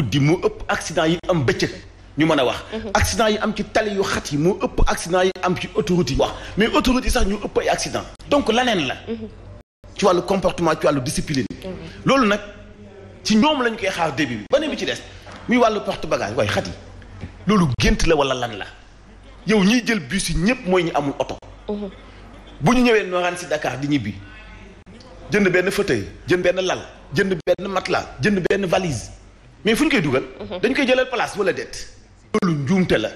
guddi moo ëpp accident yi am bëccëg ñu mën a wax. Mhm. accident yi am ci tali yu xat yi moo ëpp accident yi am ci autoroute yi mais autoroute sax ñu ëpp ay accident donc laneen la. Mhm. ci wàllu comportement ci wàllu discipline. Mhm. loolu nag ci ñoom lañ koy xaar début bi. beneen bi ci des muy wàllu porte bagage waaye xat yi loolu gént la wala lan la yow ñiy jël bus yi ñëpp mooy ñu amul oto. bu ñu ñëwee nooraan si Dakar di ñibbi jënd benn fauteuil jënd benn lal jënd benn matelas jënd benn valise. mais fu ñu koy dugal. Mhm. dañ koy jëlal place wala déet. loolu njuumte la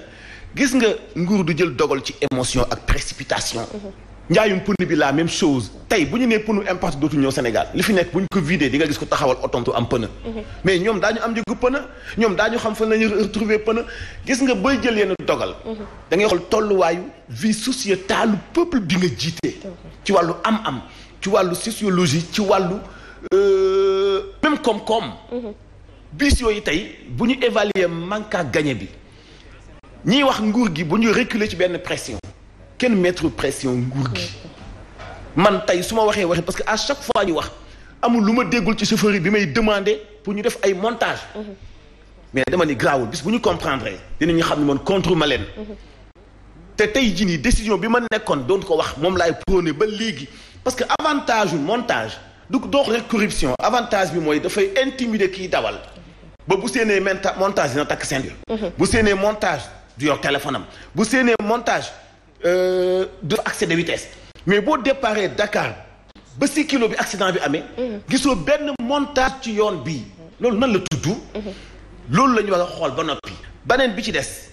gis nga nguur du jël dogal ci émotion ak précipitation. Mhm. njaayum pneu bi la même chose tey bu ñu nee pneu importe dootu ñëw Sénégal li fi nekk bu ñu ko vidé di nga gis ko taxawal otomtu am pneu mhm. mais ñoom daañu am njëgu pneu ñoom daañu xam fa la ñuy retrouver pneu gis nga booy jël yenn dogal da ngay xool tolluwaayu vie sociétale peuple bi nga jiite ci wàllu am am ci wàllu sociologie ci wàllu euh, même koom bis yooyu tey bu ñu évaluer manque à bi ñiy wax nguur gi bu ñu reculer ci benn pression kenn mettre pression nguur gi man tey su ma waxee waxee parce que à chaque fois ñu wax amul lu ma déggul ci chauffeur yi bi may demander pour ñu def ay montage mais dama ni grawul bis bu ñu comprendre dinañu xam ne man contre ma leen te tey jii nii décision bi ma nekkoon doon ko wax moom laay prôné ba léegi parce que avantage montage du doox rek corruption avantage bi mooy dafay intimider kiy dawal ba bu seenee monta montage dina takk seen yo mhm. bu seenee montage du yor téléphone bu seenee montage euh, du accès de vitesse mais boo déparé Dakar ba si kilo bi accident bi amee mhm. gisoo benn montage ci yoon bi loolu nan la tudd mhm. loolu lañu ñu war a xool ba noppi baneen bi ci des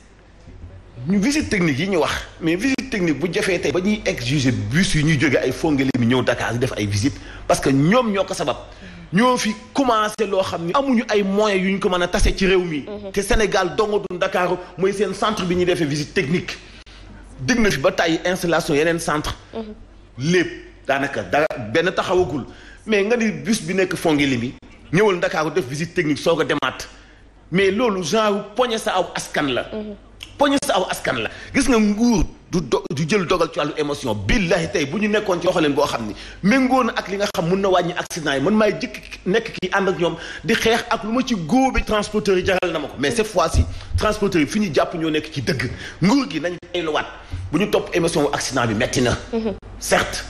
ñu visite technique yi ñu wax mais visite technique bu jafee tey ba ñuy exiger bus yu ñuy jógee ay Fongolimbi ñëw Dakar def ay visite parce que ñoom ñoo ko sabab ñoo fi commencé loo xam ni amuñu ay moyen yu ñu ko mën a tase ci réew mi. Mhm. te Sénégal dong du Dakar mooy seen centre bi ñu defee visite technique. digg na fi ba tàyyi installation yeneen centre mhm. lépp daanaka dara benn taxawagul mais nga di bus bi nekk Fongolimbi ñëwal ndakaaru def visite technique soog a demaat mais loolu genre poñe sa aw askan la. Mhm. poñu sa aw askan la gis nga nguur du do du jël dogal ci wàllu émotion billahi tey bu ñu nekkoon ci doxalin boo xam ni méngóo na ak li nga xam mun na wàññi accident yi man maay jëkk nekk ki ànd ak ñoom di xeex ak lu ma ci góobi transporteurs yi jaral na ma ko mais cette fois ci transporteurs yi fi ñu jàpp ñoo nekk ci dëgg nguur gi nañ teyluwaat bu ñu topp émotion accident bi metti na mm-hmm. certes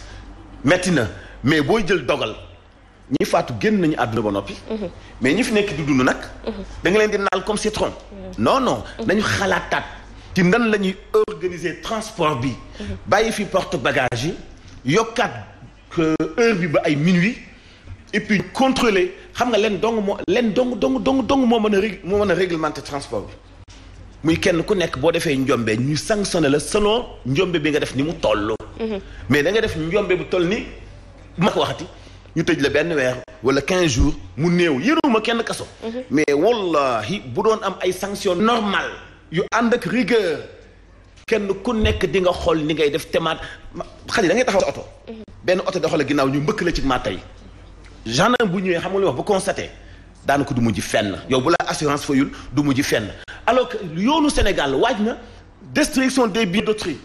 metti na mais booy jël dogal ñi faatu génn nañu àdduna ba noppi. Mhm. mais ñi fi nekk di dund nag. Mhm. da nga leen di naal comme citron. Mhm. non non nañu xalaataat ci nan la ñuy organiser transport bi. bàyyi fi porte bagage yi yokkaat euh, heure bi ba ay minuit et puis contrôler xam nga leen dong moo leen dong dong dong dong moo mën a rég moo mën a réglementer transport bi. muy kenn ku nekk boo defee njombe ñu sanctionné la selon njombe bi nga def ni mu toll. mais da nga def njombe bu toll ni ma ko waxati. ñu tëj la benn weer wala 15 jours mu néew yëruma kenn kaso. Mhm. mais wallahi bu doon am ay sanctions normal yu ànd ak rigueur kenn ku nekk di nga xool ni ngay def temaat xaj da ngay taxaw sa oto. Mhm. benn oto da xool ginnaaw ñu mbëkk la ci maa tey. gendarme bu ñëwee xam nga lu wax du mujj fenn yow bu la assurance fayul du mujj fenn alors que yoonu Sénégal waaj na. destruction des biens d'autrui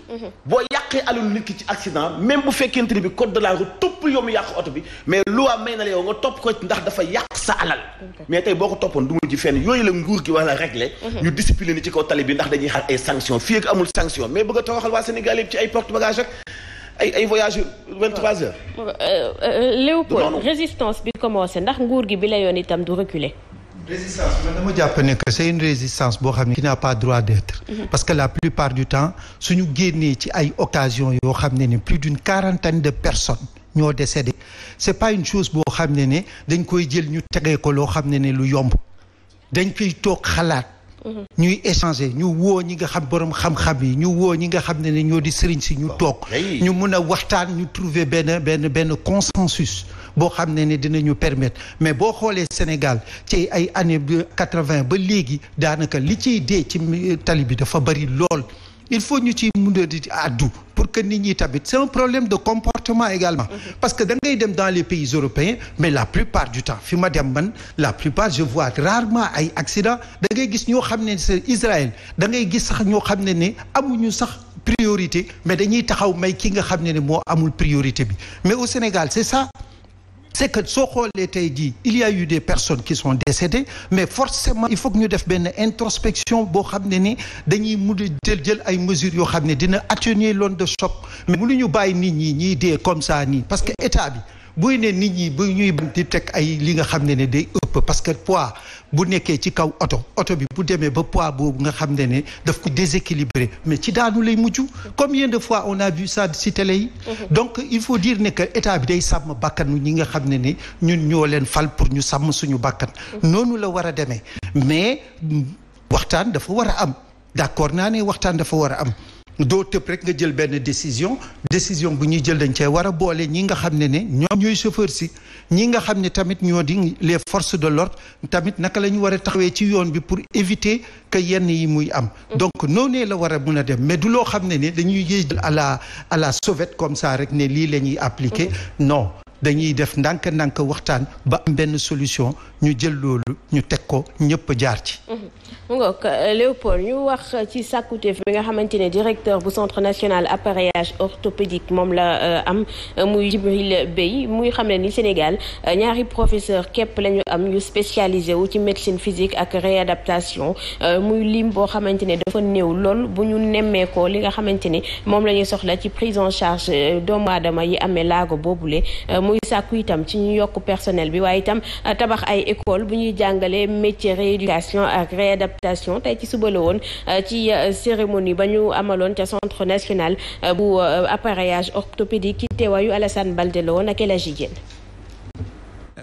boo yàqee alalu nit ki ci accident même bu fekkente ni bi code de la route topp yow oto bi mais loi may na la yow nga topp ko ndax dafa yàq sa alal mais tey boo ko toppoon du mujj fen yooyu la nguur gi war a régler mhm. ñu discipliner ni ci kaw tali bi ndax dañuy xaar ay sanction fii ak amul sanction mais bëgg a tawaxal waa Sénégal yëpp ci ay porte bagage rek ay ay voyage 23 heures euh, euh, euh, Léopold résistance bi commencé ndax nguur gi bi la yoon itam du résistance jàpp ne que c'est une résistance boo xam ne qui n'a pas droit d'être mhm. parce que la plupart du temps ñu génnee ci ay occasion yoo xam ne ni plus d'une quarantaine de personnes ñoo décédé c'est pas une chose boo xam ne ne dañ koy jël ñu tegee ko loo xam ne ne lu yomb dañ koy toog xalaat Mm-hmm. ñuy échanger ñu woo ñi nga xam borom xam-xam yi ñu woo ñi nga xam ne ne ñoo di sëriñ si ñu toog ñu mun a waxtaan ñu trouver benn benn benn consensus boo xam ne ne dinañu permettre mais boo xoolee Sénégal ci ay année quatre-vingt ba léegi daanaka li ciy dee ci tali bi dafa bari lool il faut ñu ciy mun a di addu que nit ñi tamit c'est un problème de comportement également mhm. parce que da ngay dem dans les pays européens mais la plupart du temps fi ma dem man la plupart je vois rarement ay accident da ngay gis ñoo xam ne c'est Israël da ngay gis sax ñoo xam ne ni amuñu sax priorité mais dañuy taxaw may kii nga xam ne ne moo amul priorité bi mais au Sénégal c'est ça c'est que soo xoolee tey jii il y a eu des personnes qui sont décédées mais forcément il faut ñu def benn introspection boo xam ne ni dañuy mujj jël jël ay mesures yoo xam ne dina atténuer l'onde de mu mais ñu bàyyi nit ñi ñiy dee comme ça nii parce que état bi buy ne nit ñi ba ñuy di teg ay li nga xam ne ne day ëpp parce que poids bu nekkee ci kaw oto oto bi bu demee ba poids boobu nga xam ne ne daf ko déséquilibré mais ci daanu lay comme combien de fois on a vu ça ci télé yi mhm. donc il faut dire ne que état bi day sàmm bàkkanu ñi nga xam ne ne ñun ñoo leen fal pour ñu sàmm suñu bàkkan mhm. noonu la war a demee mais waxtaan dafa war a am d'accord naa ne waxtaan dafa war a am doo tëb rek nga jël benn décision décision bu ñuy jël dañ cee war a boole ñi nga xam ne ne ñoom ñooy chauffeur si ñi nga xam ne tamit ñoo di les force de l'ordre tamit naka la ñu war a taxawee ci yoon bi pour éviter que yenn yi muy am mm-hmm. donc noonee la war a mun a dem mais du loo xam ne ne dañuy jël à la à la sauvette comme ça rek ne lii la ñuy appliquer mm-hmm. non dañuy def ndànk-ndànk waxtaan ba am benn solution ñu jël loolu ñu teg ko ñëpp jaar ci mm-hmm. mu ngoog euh, Léopold ñu wax ci sàkkuteef bi nga xamante ne directeur bu centre national appareillage orthopédique moom la euh, am euh, muy Jibril béy muy xam ni Sénégal ñaari professeur képp lañu ñu am ñu spécialisé wu ci médecine physique ak réadaptation muy lim boo xamante ne dafa néew lool bu ñu nemmeekoo li nga xamante ne moom la ñuy soxla ci prise en charge doomu aadama yi amee laago boobule muy sàkku itam ci ñu yokk personnel bi waaye itam tabax ay école bu ñuy jàngalee métier rééducation ak réadaptation invitation tey ci suba la woon euh, ci euh, cérémonie ba ñu amaloon ca centre nationale euh, bu appareillage orthopédique ci teewaayu Alassane Balde la woon ak El Hadji Diène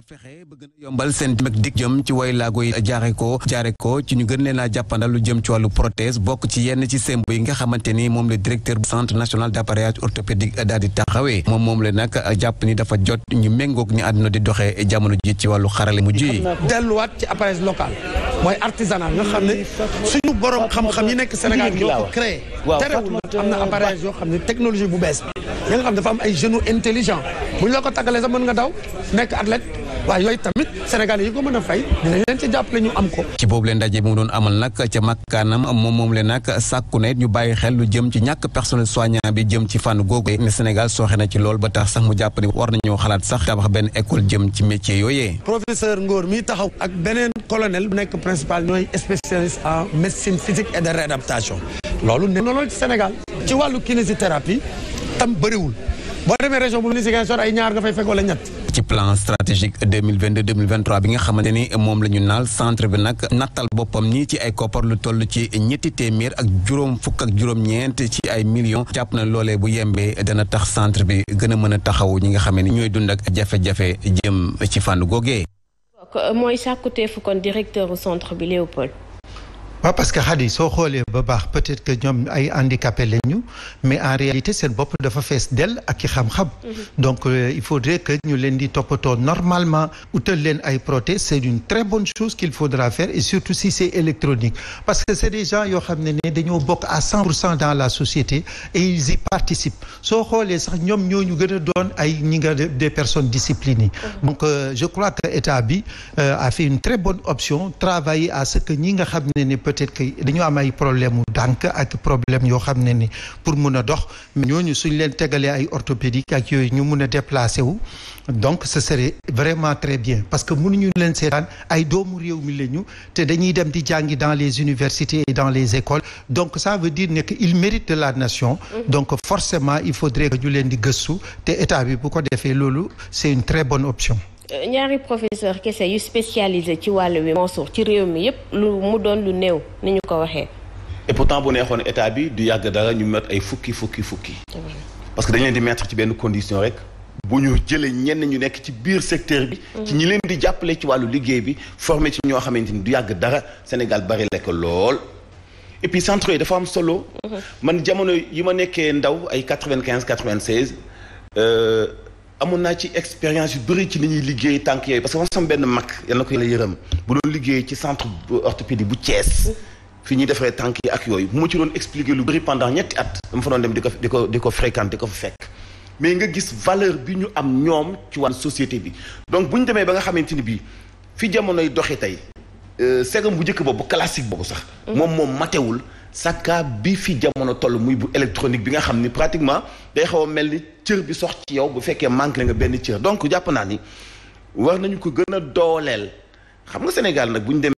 fexe ba gën a yombal seen dem ak dikk jëm ci way laago yi jaare ko jaare ko ci ñu gën leen a jàppandal lu jëm ci wàllu prothèse bokk ci yenn ci semb yi nga xamante ni moom le directeur centre national d' appareillage orthopédique daal di taxawee moom moom la nag jàpp ni dafa jot ñu méngoog ni àdduna di doxee jamono ji ci wàllu xarale mujj yi delluwaat ci appareil local mooy artisanal nga xam ne suñu borom xam-xam yi nekk Sénégal ñoo ko créé terewul am na appareil yoo xam ya nga xam dafa am ay genoux intelligent bu ñu la ko tàggalee sax mën nga daw nekk athlète waaw yooyu tamit sénégalais yi ko mën a fay dinañ leen ci jàppale ñu am ko ci boobu leen ndaje bi mu doon amal nag ca makkaanam moom moom leen nag sàkku na ñu bàyyi xel lu jëm ci ñàkk personnel soignant bi jëm ci fànn googu ne Sénégal sooxe na ci lool ba tax sax mu jàpp ne war nañoo xalaat sax tabax benn école jëm ci métier yooyee professeur Ngor mi taxaw ak beneen colonel bu nekk principal ñooy spécialiste en médecine physique et de réadaptation loolu ne na loolu ci Sénégal ci wàllu tam bëriwul boo demee région bu Ziguinchor ay ñaar nga fay fekk ñett. ci plan stratégique 2022 2023 bi nga xamante ni moom la ñu naal centre bi nag nattal boppam nii ci ay koppar lu toll ci ñetti téeméer ak juróom fukk ak juróom-ñeent ci ay millions jàpp na loole bu yembee dana tax centre bi gën a mën a taxawu ñi nga xam ne ñooy dund ak jafe-jafe jëm ci fànn googee. mooy sàkkuteefu kon directeur centre bi Léopold. waaw parce que xadi soo xoolee ba baax peut-être que ñoom ay handicapé lañu mais en réalité seen bopp dafa fees dell ak i xam-xam mhm. donc euh, il faudrait que ñu leen di toppatoo normalement utal leen ay prothèses c'est une très bonne chose qu'il faudra faire et surtout si c'est électronique parce que c'est des gens yoo xam ne ne dañoo bokk à cent pour cent dans la société et ils y participent soo xoolee sax ñoom ñooñu gën a doon ay ñi nga des personnes disciplinées mhm. donc euh, je crois que état bi euh, peut-être que dañu am ay problème mu dànk ak problème yoo xam ne ni pour mun a dox mais ñooñu suñ leen tegalee ay orthopédique ak yooyu ñu mun a déplacé wu donc ce serait vraiment très bien parce que ñu leen seetaan ay doomu réew mi la ñu te dañuy dem di jàngi dans les universités et dans les écoles donc ça veut dire ne que il mérite de la nation mm-hmm. donc forcément il faudrait que ñu leen di gëstu te état bi bu ko defee loolu c'est une très bonne option ñaari professeur kese yu spécialisé ci wàll wi Mansour ci réew mi yépp lu mu doon lu néew ni ñu ko waxee. et pourtant bu neexoon état bi du yàgg dara ñu mettre ay fukki fukki fukki. parce que dañu leen di mettre ci benn condition rek. bu ñu jëlee ñenn ñu nekk ci biir secteur bi. ci ñi leen di jàppale ci wàllu liggéey bi formé ci ñoo xamante ni du yàgg dara Sénégal bari lekk lool. et puis centre yi dafa am solo. Mhm. man jamono yi ma nekkee ndaw ay quatre vingt quinze quatre vingt seize euh, amoon naa ci expérience yu bëri ci ni ñuy liggéey tànk yooyu parce que man sama benn mag yal na ko yàlla yërëm bu doon liggéey ci centre orthopédie bu Thiès. fi ñuy defaree tànk yi ak yooyu bu mu ma ci doon expliquer lu bëri pendant ñetti at dama fa doon dem di ko di ko di ko fréquenter ko fa fekk mais nga gis valeur bi ñu am ñoom ci wàllu société bi donc bu ñu demee ba nga xamante ni bii fi jamonoy doxi tey euh, segam bu njëkk boobu classique boobu sax mm-hmm. moom moom matewul sakka bi fi jamono toll muy bu électronique bi nga xam ni pratiquement day xaw a mel ni cër bi sox ci yow bu fekkee manqué na nga benn cër donc jàpp naa ni war nañu ko gën a dooleel xam nga Sénégal nag bu dem